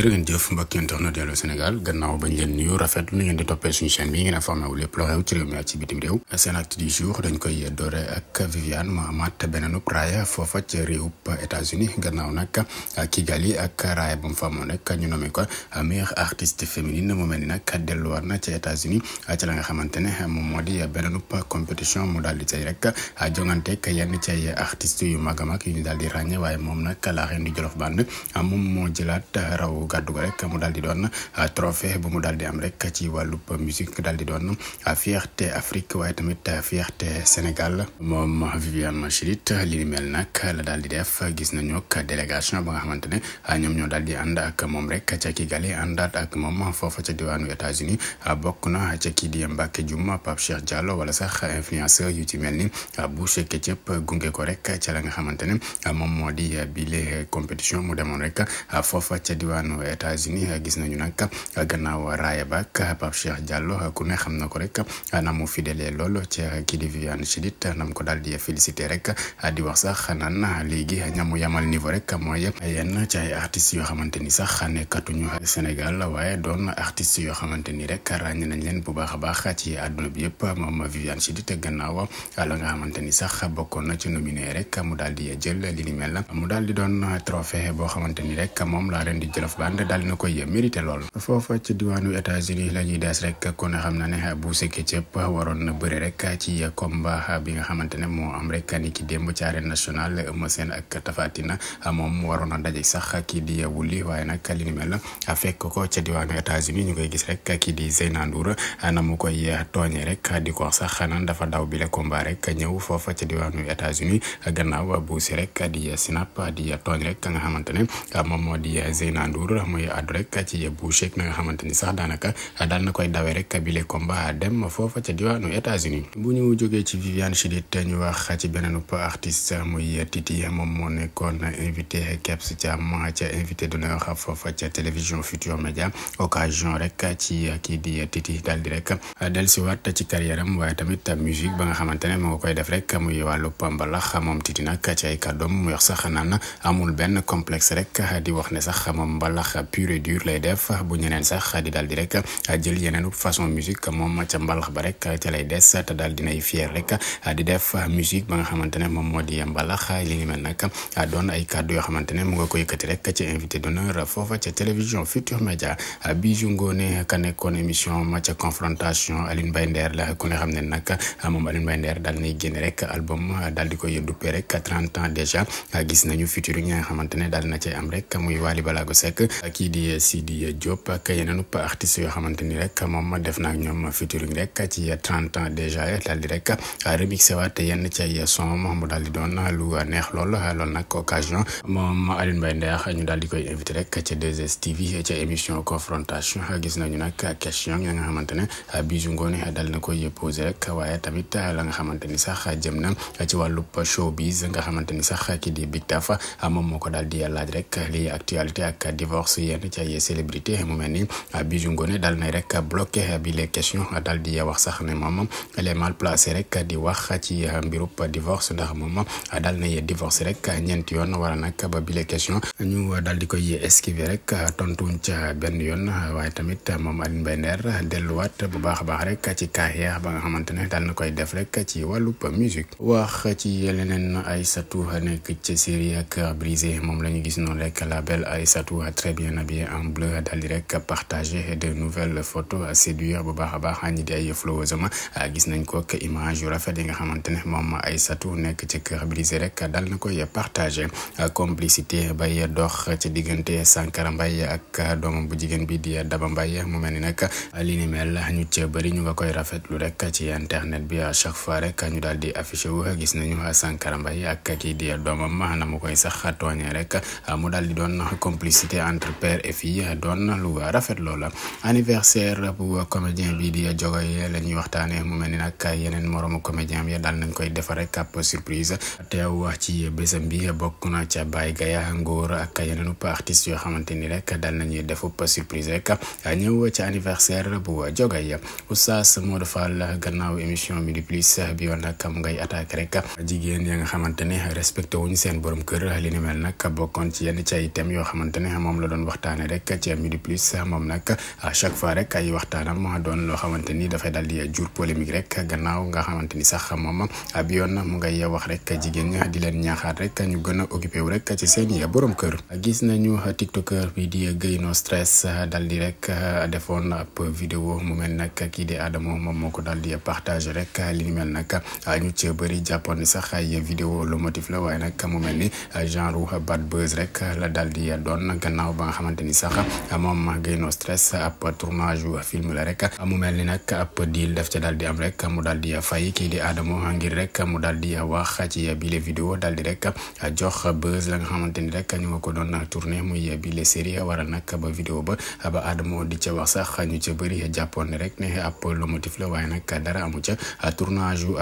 jërë ngeen jëf mbokk yi tax na dellu Sénégal gannaaw bañ leen nuyu rafetlu na ngeen di toppee suñu bi ngeen informé wu lépp loo ci réew mi ak ci bitim réew seen acte ak Viviane mu amaat beneenub ñu nommé ko meilleure artiste féminine mu mel ni nag delluwaat na ci États-Unis ci la nga xamante ne moom moo di beneenub compétition mu daal di cay rek jongante ak yenn ci ay yu mag a mag yu ñu daal di ràññee waaye moom nag la reine du Jolof Band moom moo jëlaat raw gàddu ko rek mu daal di doon ah, trophée bu mu daal di am rek ci wàllub musique daal di doon ah, fierté Afrique waaye tamit ah, fierté Sénégal moom Viviane Chidid li ni mel nag la daal di def gis nañu ak délégation ba nga ne ñoom ñoo daal di ànd ak moom rek ca Kigali àndaat ak a foofa ca diwaanu États-Unis bokk na ca kii di Mbacké Dioum Pape Cheikh Diallo wala sax a yu ci mel ni a Boucher Ketchup gunge ko rek a la nga xamante ne moom moo di bile compétition mu demoon rek foofa ca diwaanu diwaanu États-Unis gis nañu nag gannaaw raaya ba ak Pape Cheikh Diallo ku ne xam na ko rek na mu fidèle lool ci kii di Viviane Chidid nam ko daal di félicité rek di wax sax naan léegi ñamu yamal niveau rek mooy yenn ci ay artistes yoo xamante ni sax nekkatuñu Sénégal waaye doon artistes yoo xamante ni rek ràññe nañ leen bu baax a baax ci àdduna bi yëpp moom Viviane Chidid gannaaw la nga xamante ni sax bokkoon na ci nominé rek mu daal di jël li ni mel mu daal di doon trophée boo xamante ni rek moom laa leen di jëlaf Band daal na koy mérité lool foofa ci diwaanu États-Unis la ñuy des rek kon xam na ne bu sëkkee cëpp waroon na bëri rek ci combat bi nga xamante ne moo am rek ni ki démb ci arène nationale Eumeu Sène ak Tapha Tine a daje sax kii di a waaye a li ni mel fekk ko ca diwaanu États-Unis ñu koy gis rek kii di Zeyna Ndour na mu koy tooñee rek di ko wax a xanaan dafa daw bile combat rek ñëw foofa ca diwaanu États-Unis gannaaw bu si di sinap tooñ rek nga xamante ne moom moo di Zeyna Ndour Modou muy àddu rek ci bu Cheikh na nga xamante ni sax daanaka daal na koy dawee rek bile combat dem foofa ca diwaanu États-Unis bu ñu ci Viviane Chidid ñu wax ci beneen artiste muy Titi moom moo nekkoon invité Kebs Thiam ca invité d'honneur foofa ca télévision Futur Média occasion rek ci kii di Titi daal di rek dellusiwaat ci carrière am tamit musique ba nga xamante ne moo koy def rek muy wàllu mbalax moom Titi nag ci ay kàddoom mu wax sax naan amul benn mbalax pur et dur lay def bu ñeneen sax di daal di a jël yeneen façon musique moom ca mbalax ba rek ca lay des te daal dinay fier rek di def musique ba nga xamante moom moo di mbalax li nay génne rek album daal koy duppee rek 30 ans déjà gis nañu futur yi nga xamante ne na cay am rek muy Wally Balago Seck kii di Sidy Diop ak yeneen artistes yoo xamante ni rek moom def na ak ñoom featuring rek ci trente ans déjà daal di rek remixé waat yenn ci ay son mu daal di doon lu neex lool lool nag occasion moom Alioune Mbaye Nder ñu daal di koy invité rek ci 2STV ci émission confrontation gis nañu nag question ya nga xamante ne Bijou Ngoné daal na koy posé rek waaye tamit la nga xamante ni sax jëm na ci a showbiz nga xamante ni sax kii di Big Taf moom moo ko daal di laaj rek lii or si a ci ay célébrité mu mel a ah, Bijou a daal na a bloqué bi les questions daal di wax sax ne moom elle est mal placée rek di wax ci ah, mbirub divorce ndax divorce rek ñeenti yoon wala nag ba bi les questions ñu daal di koy esquiver rek tontuñ ca benn yoon waaye tamit moom Alioune Mbaye Nder delluwaat bu baax a baax rek ci carrière a nga xamante ne ci wàllub musique wax ci nekk ci série Cœur brisé moom la gis noonu rek la belle Aïssatou très bien habillé en a daal di rek partager de nouvelles photos séduire bu baax a baax ñi di ay flowsam gis nañ ko ak image yu rafet yi nga xamante ne moom ci kër brisé rek dal ci ak doomam bu jigéen bi di Daba Mbaye mu mel ni nag li ni mel ñu ci bëri ñu nga koy rafetlu rek ci internet bi à chaque fois rek ñu daal di affiché wu gis nañu Sankara Mbaye ak kii di doomam na mu koy sax tooñee rek mu daal di doon complicité entre père et fille doon lu rafet loola anniversaire bu comédien bi di jogoy la ñuy waxtaane mu mel ni nag yeneen moroomu comédien bi daal nañ koy defar rek ab surprise teew ci bésam bi bokk na ca Baye Gaya Ngor ak yeneenu artistes yoo xamante ni rek daal nañuy defub surprise rek ñëw ci anniversaire bu jogoy Oustaz Modou Fall gannaaw émission Midi Plus bi yoon nag mu ngay attaque rek jigéen ya nga xamante ne respecté wuñ seen borom kër li ni mel bokkoon ci yenn ci ay thèmes yoo xamante moom moom la doon waxtaane rek ci midi plus moom nag à chaque fois rek ay waxtaanam doon loo xamante ni dafay daal di jur polémique rek gannaaw nga xamante ni sax moom bi yoon mu ngay wax rek jigéen ña di leen ñaaxaat rek ñu gën a occupé wu rek ci seen i borom kër gis nañu tiktokeur bi di Gueye No Stress dal di rek defoon a vidéo mu mel nag kii di Adamo moom moo ko daal di partagé rek li ñu mel nag ñu ci bëri jàppoon ni sax ay vidéo lomotif la waaye nag mu mel ni genre bad buzz rek la daal di doon gannaaw ginnaaw ba nga xamante ni sax moom Gaynoo Stress ab tournage yu film la rek mu mel ni nag ab deal daf ca daal di am rek mu daal di fay kii di Adamo ngir rek mu daal di wax ci bile vidéo ba vidéo ba ba Adamo di ca wax sax ñu ca bëri jàppoon ne rek ne ab lo motif la waaye nag dara amu ca tournage yu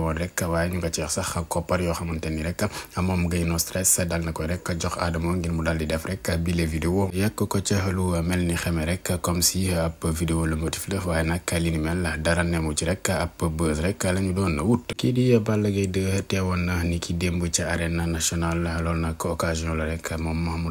woon rek waaye ñu nga ci sax koppar yoo xamante ni rek moom Gaynoo Stress daal na koy rek jox Adamo ngir mu daal def rek bile vidéo yàq ko ca lu mel ni xeme rek comme si ab vidéo le motif la waaye nag li la mel dara nemu ci rek ab buzz rek la ñu doon wut. kii di Balla Gaye 2 teewoon na ni ki démb ca arène nationale loolu nag occasion la rek moom mu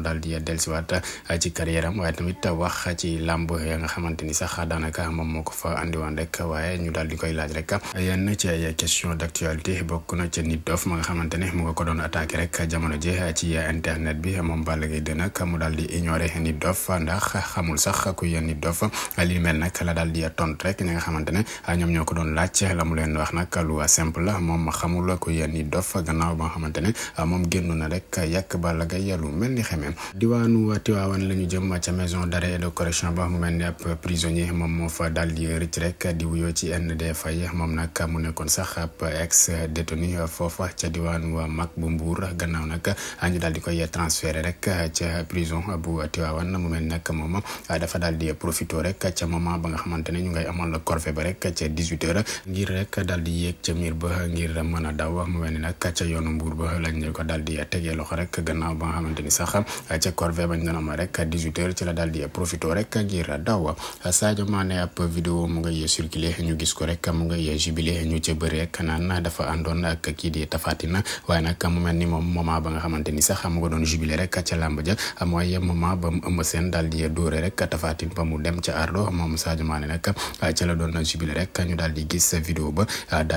ci carrière am waaye tamit wax ci làmb ya nga xamante ni sax daanaka moom moo ko fa andiwaan rek waaye ñu daal di koy laaj rek yenn ci ay question d'actualité bokk na ca Nit Doff ma nga xamante ne mu nga ko doon attaqué rek jamono ji ci internet bi moom Balla Gaye 2 mu daal daal di ignorer nit dof ndax xamul sax kuy nit dof li mel nag la daal di tontu rek ñi nga xamante ne ñoom ñoo ko doon laaj la mu leen wax nag lu simple moom xamul kuy nit dof gannaaw ba xamante ne moom génn na rek yakk bala la gay lu mel ni xemee diwaanu wa la ñu jëm ca maison d'arrêt et de correction ba mu mel ni ab prisonnier moom moo fa daal di rëcc rek di wuyoo ci ND Faye moom nag mu nekkoon sax ab ex détenu foofa ca diwaanu mag bu Mbuur gannaaw nag ñu daal di koy transféré rek ca prison bu Tiwaawan mu mel nag moom ah, dafa daal di profité rek ca moment ba nga xamante ne ñu ngay amal corvée ba rek ca 18 heures ngir rek daal di yéeg ca miir ba ngir mën a daw mu mel ni nag ca yoonu mbuur ba lañ ko daal di tegee loxo rek gannaaw ba nga xamante ni sax ca a bañ doon am rek 18 heures ci la daal di profité rek ngir daw Sadio Mané ab vidéo mu nga circulé ñu gis ko rek mu ngay jubilé ñu ca bëri rek naan dafa andoon ak kii di Tapha Tine waaye nag mu mel ni moom moment ba nga xamante ni sax mu nga doon jubilé rek ca làmb ja mooy yooyee moment ba mu ëmb seen daal di dóore rek Tapha Tine ba mu dem ca Ardo moom Sadio Mané nag ah, ca la doon jubile rek ñu daal di gis ah,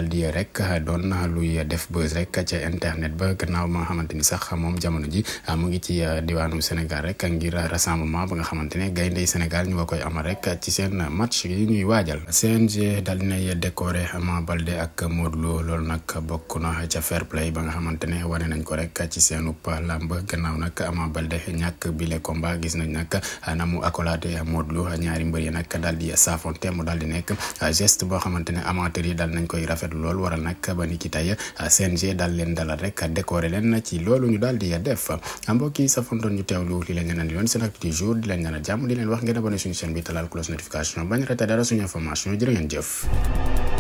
di rek doon luy rek ca internet ba gannaaw ba nga xamante ni sax moom jamono ji ah, mu ngi ci diwaanu Sénégal rek ngir rassemblement ba nga xamante gaynde Sénégal ñu nga koy amal rek ci seen match yi ñuy waajal CNG daal dinay décoré Ama Baldé ak Modou Lo loolu nag bokk na ca fair play ba nga xamante ne wane nañ ko rek ci seenu làmb gannaaw nag Ama Baldé ñàkk bi bile combat gis nañ nag na mu accolade Modou Lo ñaari mbër yi nag daal di saafonte mu daal di nekk geste boo xamante ne amateur yi daal nañ koy rafet lool waral nag ba ni ki tey CNG daal leen dalal rek décorer leen ci loolu ñu daal di def mbokk yi safontoon ñu teewlu li leen ñaanal yoon seen actu du jour di leen ñaanal jàmm di leen wax ngeen abonné suñu chaîne bi talaal close notification bañ rete dara suñu information jërë